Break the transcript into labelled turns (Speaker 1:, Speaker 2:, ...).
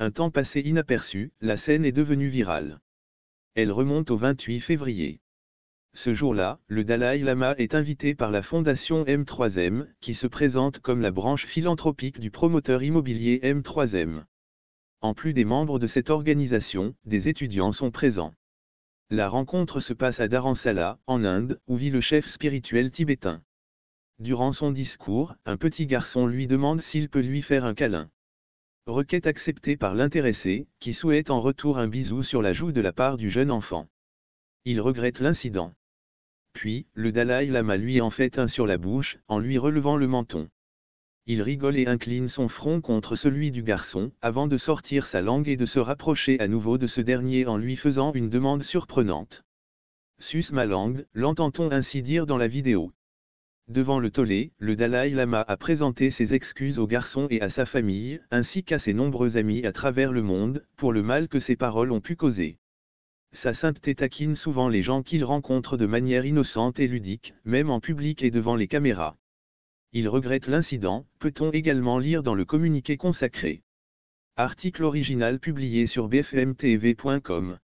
Speaker 1: Un temps passé inaperçu, la scène est devenue virale. Elle remonte au 28 février. Ce jour-là, le Dalai Lama est invité par la fondation M3M, qui se présente comme la branche philanthropique du promoteur immobilier M3M. En plus des membres de cette organisation, des étudiants sont présents. La rencontre se passe à Dharamsala, en Inde, où vit le chef spirituel tibétain. Durant son discours, un petit garçon lui demande s'il peut lui faire un câlin requête acceptée par l'intéressé, qui souhaite en retour un bisou sur la joue de la part du jeune enfant. Il regrette l'incident. Puis, le Dalai Lama lui en fait un sur la bouche, en lui relevant le menton. Il rigole et incline son front contre celui du garçon, avant de sortir sa langue et de se rapprocher à nouveau de ce dernier en lui faisant une demande surprenante. Sus ma langue, l'entend-on ainsi dire dans la vidéo. Devant le tollé, le Dalai Lama a présenté ses excuses au garçons et à sa famille, ainsi qu'à ses nombreux amis à travers le monde, pour le mal que ses paroles ont pu causer. Sa sainteté taquine souvent les gens qu'il rencontre de manière innocente et ludique, même en public et devant les caméras. Il regrette l'incident, peut-on également lire dans le communiqué consacré. Article original publié sur bfmtv.com.